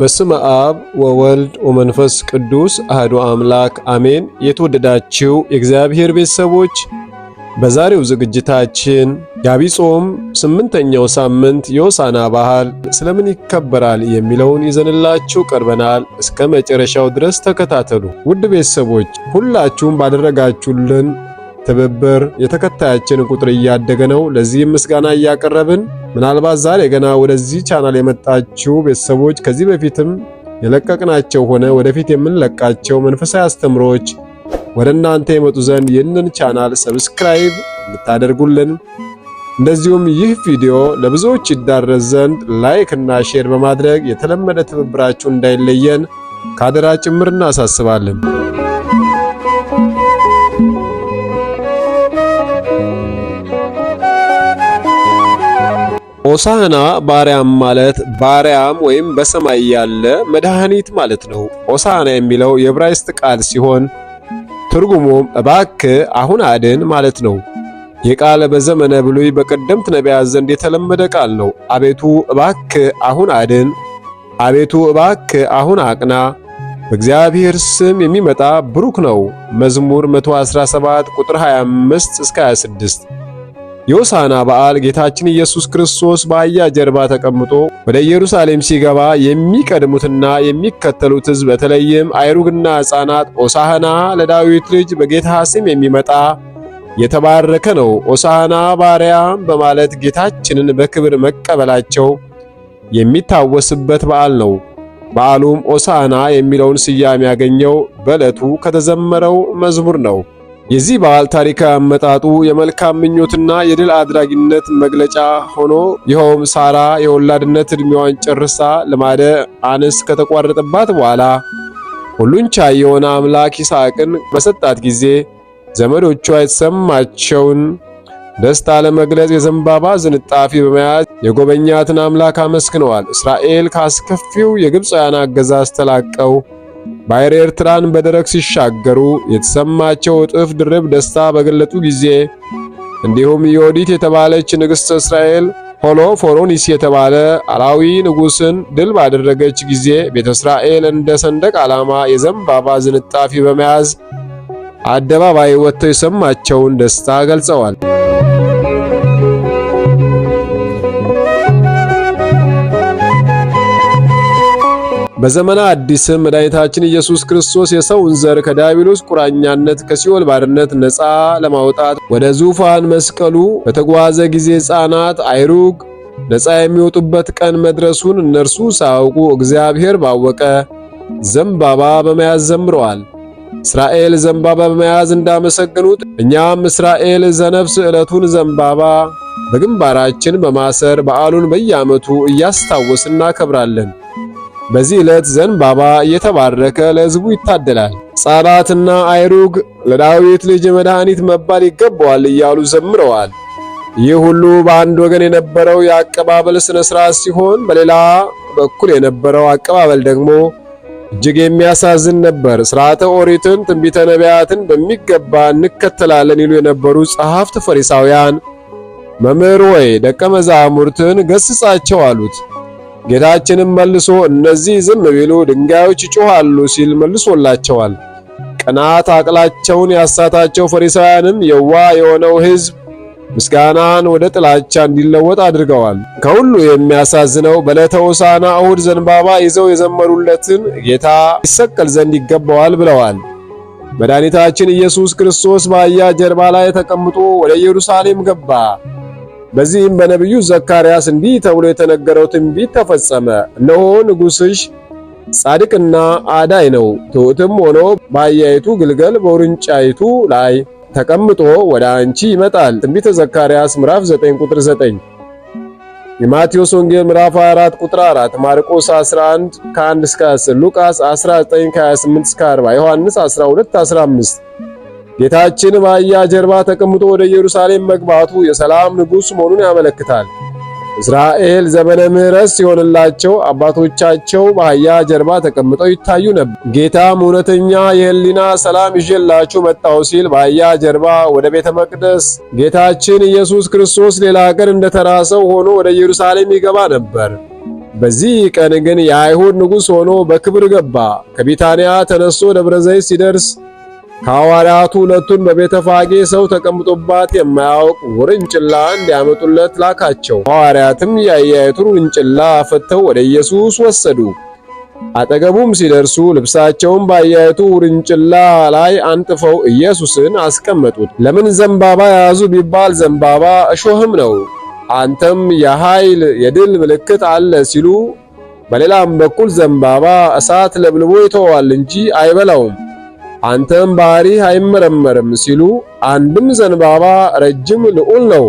በስመ አብ ወወልድ ወመንፈስ ቅዱስ አህዶ አምላክ አሜን። የተወደዳችሁ የእግዚአብሔር ቤተሰቦች በዛሬው ዝግጅታችን የዐቢይ ጾም ስምንተኛው ሳምንት የሆሳዕና በዓል ስለምን ይከበራል የሚለውን ይዘንላችሁ ቀርበናል። እስከ መጨረሻው ድረስ ተከታተሉ። ውድ ቤተሰቦች ሁላችሁም ባደረጋችሁልን ትብብር፣ የተከታያችን ቁጥር እያደገ ነው። ለዚህም ምስጋና እያቀረብን ምናልባት ዛሬ ገና ወደዚህ ቻናል የመጣችሁ ቤተሰቦች ከዚህ በፊትም የለቀቅናቸው ሆነ ወደፊት የምንለቃቸው መንፈሳዊ አስተምሮች ወደ እናንተ የመጡ ዘንድ ይህንን ቻናል ሰብስክራይብ እንድታደርጉልን እንደዚሁም ይህ ቪዲዮ ለብዙዎች ይዳረስ ዘንድ ላይክ እና ሼር በማድረግ የተለመደ ትብብራችሁ እንዳይለየን ካደራ ጭምር እናሳስባለን። ኦሳና ባርያም ማለት ባሪያም ወይም በሰማይ ያለ መድኃኒት ማለት ነው። ኦሳና የሚለው የዕብራይስጥ ቃል ሲሆን ትርጉሙም እባክ አሁን አድን ማለት ነው። የቃለ በዘመነ ብሉይ በቀደምት ነቢያት ዘንድ የተለመደ ቃል ነው። አቤቱ እባክ አሁን አድን፣ አቤቱ እባክ አሁን አቅና፣ በእግዚአብሔር ስም የሚመጣ ብሩክ ነው። መዝሙር 117 ቁጥር 25 እስከ 26 የሆሳዕና በዓል ጌታችን ኢየሱስ ክርስቶስ በአህያ ጀርባ ተቀምጦ ወደ ኢየሩሳሌም ሲገባ የሚቀድሙትና የሚከተሉት ሕዝብ በተለይም አይሩግና ሕፃናት ሆሳዕና ለዳዊት ልጅ በጌታ ስም የሚመጣ የተባረከ ነው፣ ሆሳዕና በአርያም በማለት ጌታችንን በክብር መቀበላቸው የሚታወስበት በዓል ነው። በዓሉም ሆሳዕና የሚለውን ስያሜ ያገኘው በዕለቱ ከተዘመረው መዝሙር ነው። የዚህ በዓል ታሪካዊ አመጣጡ የመልካም ምኞትና የድል አድራጊነት መግለጫ ሆኖ ይኸውም ሳራ የወላድነት ዕድሜዋን ጨርሳ ልማደ አንስ ከተቋረጠባት በኋላ ሁሉን ቻይ የሆነ አምላክ ይስሐቅን በሰጣት ጊዜ ዘመዶቿ የተሰማቸውን ደስታ ለመግለጽ የዘንባባ ዝንጣፊ በመያዝ የጎበኛትን አምላክ አመስግነዋል። እስራኤል ካስከፊው የግብፃውያን አገዛዝ ተላቀው ባሕረ ኤርትራን በደረቅ ሲሻገሩ የተሰማቸው እጥፍ ድርብ ደስታ በገለጡ ጊዜ እንዲሁም ዮዲት የተባለች ንግስት እስራኤል ሆሎፎሮኒስ የተባለ አላዊ ንጉሥን ድል ባደረገች ጊዜ ቤተ እስራኤል እንደ ሰንደቅ ዓላማ የዘንባባ ዝንጣፊ በመያዝ አደባባይ ወጥተው የሰማቸውን ደስታ ገልጸዋል። በዘመነ አዲስም መድኃኒታችን ኢየሱስ ክርስቶስ የሰውን ዘር ከዲያብሎስ ቁራኛነት ከሲኦል ባርነት ነፃ ለማውጣት ወደ ዙፋን መስቀሉ በተጓዘ ጊዜ ሕፃናት አይሩግ ነፃ የሚወጡበት ቀን መድረሱን እነርሱ ሳያውቁ እግዚአብሔር ባወቀ ዘንባባ በመያዝ ዘምረዋል። እስራኤል ዘንባባ በመያዝ እንዳመሰገኑት እኛም እስራኤል ዘነፍስ ዕለቱን ዘንባባ በግንባራችን በማሰር በዓሉን በየዓመቱ እያስታወስን እናከብራለን። በዚህ ዕለት ዘንባባ እየተባረከ ለሕዝቡ ይታደላል። ጻላትና አይሩግ ለዳዊት ልጅ መድኃኒት መባል ይገባዋል እያሉ ዘምረዋል። ይህ ሁሉ በአንድ ወገን የነበረው የአቀባበል ሥነ ሥርዓት ሲሆን፣ በሌላ በኩል የነበረው አቀባበል ደግሞ እጅግ የሚያሳዝን ነበር። ሥርዓተ ኦሪትን፣ ትንቢተ ነቢያትን በሚገባ እንከተላለን ይሉ የነበሩ ጸሐፍት ፈሪሳውያን መምህር ወይ ደቀ መዛሙርትን ገስጻቸው አሉት። ጌታችንም መልሶ እነዚህ ዝም ቢሉ ድንጋዮች ይጮኻሉ ሲል መልሶላቸዋል። ቅናት አቅላቸውን ያሳታቸው ፈሪሳውያንም የዋ የሆነው ሕዝብ ምስጋናን ወደ ጥላቻ እንዲለወጥ አድርገዋል። ከሁሉ የሚያሳዝነው በዕለተ ሆሳዕና እሁድ ዘንባባ ይዘው የዘመሩለትን ጌታ ይሰቀል ዘንድ ይገባዋል ብለዋል። መድኃኒታችን ኢየሱስ ክርስቶስ በአህያ ጀርባ ላይ ተቀምጦ ወደ ኢየሩሳሌም ገባ። በዚህም በነቢዩ ዘካርያስ እንዲህ ተብሎ የተነገረው ትንቢት ተፈጸመ። እነሆ ንጉሥሽ ጻድቅና አዳይ ነው፣ ትሑትም ሆኖ በአህያይቱ ግልገል በውርንጫይቱ ላይ ተቀምጦ ወደ አንቺ ይመጣል። ትንቢተ ዘካርያስ ምዕራፍ 9 ቁጥር 9። የማቴዎስ ወንጌል ምዕራፍ 24 ቁጥር 4፣ ማርቆስ 11 ከ1 እስከ 10፣ ሉቃስ 19 ከ28 እስከ 40፣ ዮሐንስ 12 15 ጌታችን በአህያ ጀርባ ተቀምጦ ወደ ኢየሩሳሌም መግባቱ የሰላም ንጉሥ መሆኑን ያመለክታል። እስራኤል ዘመነ ምሕረት ሲሆንላቸው አባቶቻቸው በአህያ ጀርባ ተቀምጠው ይታዩ ነበር። ጌታም እውነተኛ የህሊና ሰላም ይዤላችሁ መጣሁ ሲል በአህያ ጀርባ ወደ ቤተ መቅደስ ጌታችን ኢየሱስ ክርስቶስ ሌላ ቀን እንደተራሰው ሆኖ ወደ ኢየሩሳሌም ይገባ ነበር። በዚህ ቀን ግን የአይሁድ ንጉሥ ሆኖ በክብር ገባ። ከቢታንያ ተነስቶ ደብረ ዘይት ሲደርስ ከሐዋርያቱ ሁለቱን በቤተ ፋጌ ሰው ተቀምጦባት የማያውቅ ውርንጭላ እንዲያመጡለት ላካቸው። ሐዋርያትም ያያይቱን ውርንጭላ ፈተው ወደ ኢየሱስ ወሰዱ። አጠገቡም ሲደርሱ ልብሳቸውን ባያይቱ ውርንጭላ ላይ አንጥፈው ኢየሱስን አስቀመጡት። ለምን ዘንባባ ያዙ ቢባል ዘንባባ እሾህም ነው፣ አንተም የኃይል የድል ምልክት አለ ሲሉ፣ በሌላም በኩል ዘንባባ እሳት ለብልቦ ይተዋል እንጂ አይበላውም። አንተም ባሪ አይመረመርም ሲሉ አንድም ዘንባባ ረጅም ልዑል ነው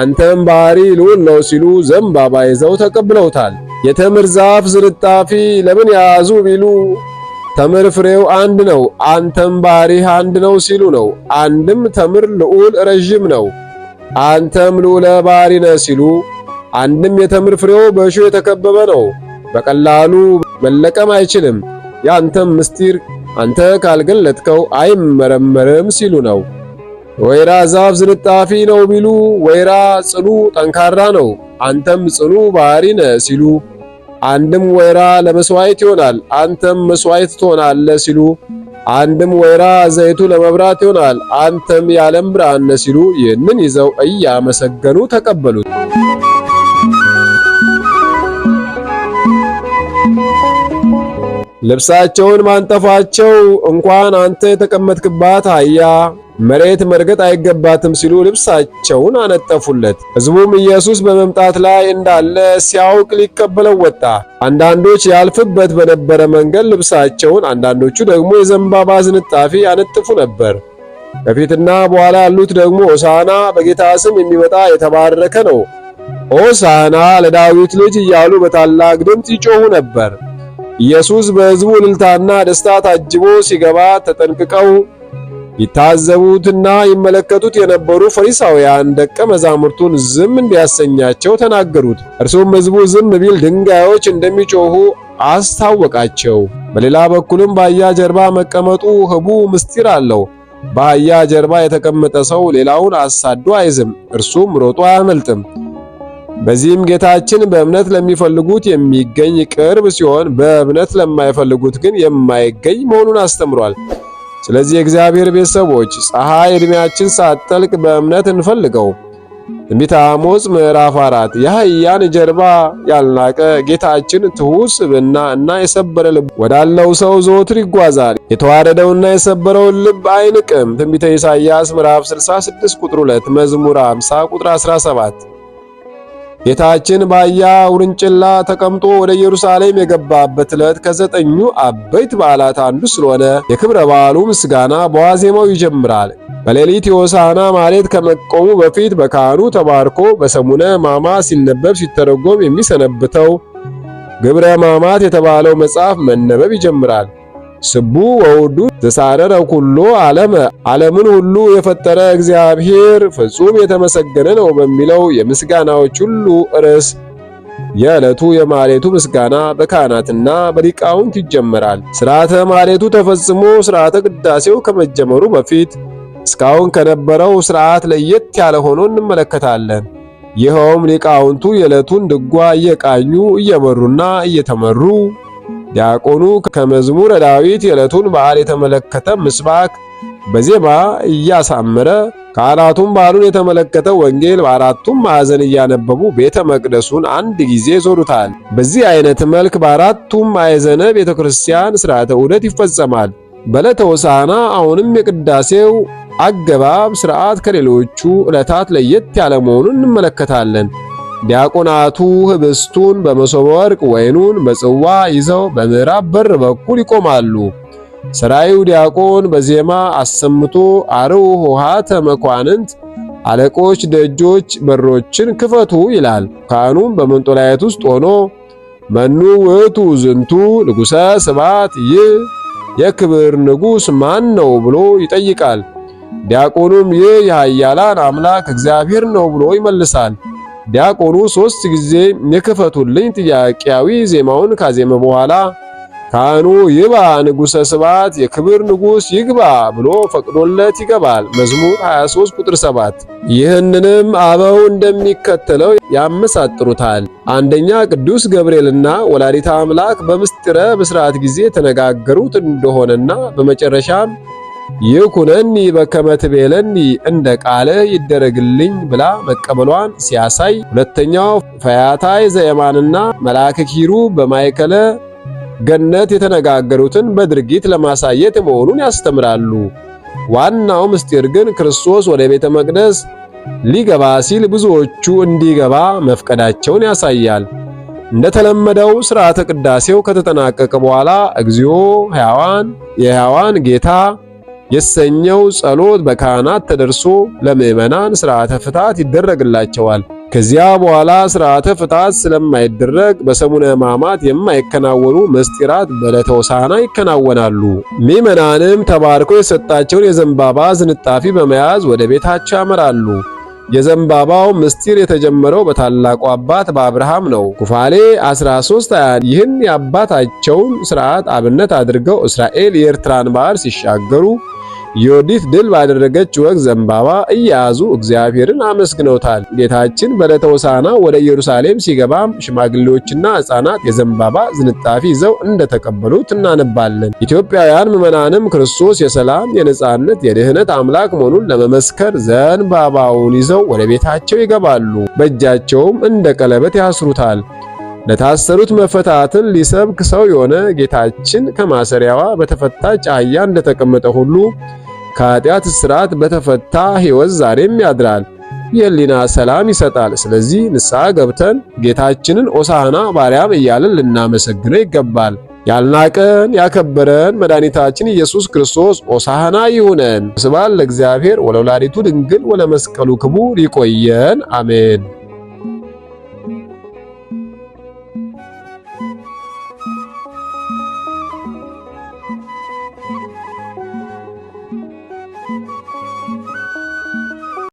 አንተም ባሪ ልዑል ነው ሲሉ ዘንባባ ይዘው ተቀብለውታል። የተምር ዛፍ ዝርጣፊ ለምን ያዙ ቢሉ ተምር ፍሬው አንድ ነው፣ አንተም ባሕሪህ አንድ ነው ሲሉ ነው። አንድም ተምር ልዑል ረዥም ነው፣ አንተም ልዑለ ባሪ ነህ ሲሉ አንድም የተምር ፍሬው በእሾህ የተከበበ ነው፣ በቀላሉ መለቀም አይችልም። የአንተም ምስጢር አንተ ካልገለጥከው አይመረመርም ሲሉ ነው። ወይራ ዛፍ ዝንጣፊ ነው ቢሉ ወይራ ጽኑ ጠንካራ ነው፣ አንተም ጽኑ ባህሪ ነህ ሲሉ፣ አንድም ወይራ ለመስዋዕት ይሆናል፣ አንተም መስዋዕት ትሆናለህ ሲሉ፣ አንድም ወይራ ዘይቱ ለመብራት ይሆናል፣ አንተም የዓለም ብርሃን ነህ ሲሉ፣ ይህንን ይዘው እያመሰገኑ ተቀበሉት። ልብሳቸውን ማንጠፋቸው እንኳን አንተ የተቀመጥክባት አህያ መሬት መርገጥ አይገባትም ሲሉ ልብሳቸውን አነጠፉለት። ሕዝቡም ኢየሱስ በመምጣት ላይ እንዳለ ሲያውቅ ሊቀበለው ወጣ። አንዳንዶች ያልፍበት በነበረ መንገድ ልብሳቸውን፣ አንዳንዶቹ ደግሞ የዘንባባ ዝንጣፊ ያነጥፉ ነበር። በፊትና በኋላ ያሉት ደግሞ ሆሳዕና በጌታ ስም የሚመጣ የተባረከ ነው፣ ሆሳዕና ለዳዊት ልጅ እያሉ በታላቅ ድምፅ ይጮኹ ነበር። ኢየሱስ በሕዝቡ እልልታና ደስታ ታጅቦ ሲገባ ተጠንቅቀው ይታዘቡትና ይመለከቱት የነበሩ ፈሪሳውያን ደቀ መዛሙርቱን ዝም እንዲያሰኛቸው ተናገሩት። እርሱም ሕዝቡ ዝም ቢል ድንጋዮች እንደሚጮኹ አስታወቃቸው። በሌላ በኩልም በአህያ ጀርባ መቀመጡ ህቡ ምስጢር አለው። በአህያ ጀርባ የተቀመጠ ሰው ሌላውን አሳዶ አይዝም፣ እርሱም ሮጦ አያመልጥም። በዚህም ጌታችን በእምነት ለሚፈልጉት የሚገኝ ቅርብ ሲሆን በእምነት ለማይፈልጉት ግን የማይገኝ መሆኑን አስተምሯል። ስለዚህ የእግዚአብሔር ቤተሰቦች ፀሐይ ዕድሜያችን ሳትጠልቅ በእምነት እንፈልገው። ትንቢተ አሞጽ ምዕራፍ አራት የአህያን ጀርባ ያልናቀ ጌታችን ትሑት ስብዕና እና የሰበረ ልብ ወዳለው ሰው ዘወትር ይጓዛል። የተዋረደውና የሰበረውን ልብ አይንቅም። ትንቢተ ኢሳይያስ ምዕራፍ 66 ቁጥር 2፣ መዝሙር 50 ቁጥር 17 ጌታችን በአህያ ውርንጭላ ተቀምጦ ወደ ኢየሩሳሌም የገባበት ዕለት ከዘጠኙ አበይት በዓላት አንዱ ስለሆነ የክብረ በዓሉ ምስጋና በዋዜማው ይጀምራል። በሌሊት የሆሳዕና ማሬት ከመቆሙ በፊት በካህኑ ተባርኮ በሰሙነ ሕማማት ሲነበብ ሲተረጎም የሚሰነብተው ግብረ ሕማማት የተባለው መጽሐፍ መነበብ ይጀምራል። ስቡ ወውዱ ተሳረረ ኩሎ ዓለም ዓለምን ሁሉ የፈጠረ እግዚአብሔር ፍጹም የተመሰገነ ነው በሚለው የምስጋናዎች ሁሉ ርዕስ የዕለቱ የማሌቱ ምስጋና በካህናትና በሊቃውንት ይጀመራል። ሥርዓተ ማሌቱ ተፈጽሞ ሥርዓተ ቅዳሴው ከመጀመሩ በፊት እስካሁን ከነበረው ሥርዓት ለየት ያለ ሆኖ እንመለከታለን። ይኸውም ሊቃውንቱ የዕለቱን ድጓ እየቃኙ እየመሩና እየተመሩ ዲያቆኑ ከመዝሙረ ዳዊት የዕለቱን በዓል የተመለከተ ምስባክ በዜማ እያሳመረ ካህናቱም በዓሉን የተመለከተ ወንጌል በአራቱም ማዕዘን እያነበቡ ቤተ መቅደሱን አንድ ጊዜ ዞሩታል። በዚህ አይነት መልክ በአራቱም ማዕዘነ ቤተ ክርስቲያን ሥርዓተ ዑደት ይፈጸማል። በዕለተ ሆሳዕና አሁንም የቅዳሴው አገባብ ሥርዓት ከሌሎቹ ዕለታት ለየት ያለ መሆኑን እንመለከታለን። ዲያቆናቱ ህብስቱን በመሶበ ወርቅ ወይኑን በጽዋ ይዘው በምዕራብ በር በኩል ይቆማሉ። ሰራዩ ዲያቆን በዜማ አሰምቶ አርው ውሃተ መኳንንት አለቆች ደጆች በሮችን ክፈቱ ይላል። ካህኑም በመንጦላየት ውስጥ ሆኖ መኑ ውእቱ ዝንቱ ንጉሠ ስባት ይህ የክብር ንጉሥ ማን ነው ብሎ ይጠይቃል። ዲያቆኑም ይህ የኃያላን አምላክ እግዚአብሔር ነው ብሎ ይመልሳል። ዲያቆኑ ሶስት ጊዜ የክፈቱልኝ ጥያቄያዊ ዜማውን ካዜመ በኋላ ካህኑ ይባ ንጉሠ ስባት የክብር ንጉሥ ይግባ ብሎ ፈቅዶለት ይገባል። መዝሙር 23 ቁጥር 7። ይህንንም አበው እንደሚከተለው ያመሳጥሩታል። አንደኛ ቅዱስ ገብርኤልና ወላዲታ አምላክ በምስጢረ ብስራት ጊዜ ተነጋገሩት እንደሆነና በመጨረሻም ይኩነኒ በከመ ትቤለኒ እንደ ቃለ ይደረግልኝ ብላ መቀበሏን ሲያሳይ፣ ሁለተኛው ፈያታይ ዘየማንና መልአከ ኪሩ በማይከለ ገነት የተነጋገሩትን በድርጊት ለማሳየት መሆኑን ያስተምራሉ። ዋናው ምስጢር ግን ክርስቶስ ወደ ቤተ መቅደስ ሊገባ ሲል ብዙዎቹ እንዲገባ መፍቀዳቸውን ያሳያል። እንደተለመደው ሥርዓተ ቅዳሴው ከተጠናቀቀ በኋላ እግዚኦ ሕያዋን የሕያዋን ጌታ የሰኘው ጸሎት በካህናት ተደርሶ ለምዕመናን ስርዓተ ፍታት ይደረግላቸዋል። ከዚያ በኋላ ስርዓተ ፍታት ስለማይደረግ በሰሙነ ሕማማት የማይከናወኑ መስጢራት በዕለተ ሆሳዕና ይከናወናሉ። ምዕመናንም ተባርኮ የሰጣቸውን የዘንባባ ዝንጣፊ በመያዝ ወደ ቤታቸው ያመራሉ። የዘንባባው ምስጢር የተጀመረው በታላቁ አባት በአብርሃም ነው። ኩፋሌ 13 20 ይህን የአባታቸውን ስርዓት አብነት አድርገው እስራኤል የኤርትራን ባህር ሲሻገሩ ዮዲት ድል ባደረገች ወቅት ዘንባባ እያያዙ እግዚአብሔርን አመስግነውታል። ጌታችን በዕለተ ሆሳዕና ወደ ኢየሩሳሌም ሲገባም ሽማግሌዎችና ሕፃናት የዘንባባ ዝንጣፊ ይዘው እንደተቀበሉት እናነባለን። ኢትዮጵያውያን ምዕመናንም ክርስቶስ የሰላም የነጻነት፣ የደህነት አምላክ መሆኑን ለመመስከር ዘንባባውን ይዘው ወደ ቤታቸው ይገባሉ። በእጃቸውም እንደ ቀለበት ያስሩታል። ለታሰሩት መፈታትን ሊሰብክ ሰው የሆነ ጌታችን ከማሰሪያዋ በተፈታች አህያ እንደተቀመጠ ሁሉ ከኃጢአት ስርዓት በተፈታ ሕይወት ዛሬም ያድራል፣ የህሊና ሰላም ይሰጣል። ስለዚህ ንስሐ ገብተን ጌታችንን ኦሳህና ባርያም እያለን ልናመሰግነው ይገባል። ያልናቀን ያከበረን መድኃኒታችን ኢየሱስ ክርስቶስ ኦሳህና ይሁነን። ስብሐት ለእግዚአብሔር ወለወላዲቱ ድንግል ወለመስቀሉ ክቡር። ይቆየን። አሜን።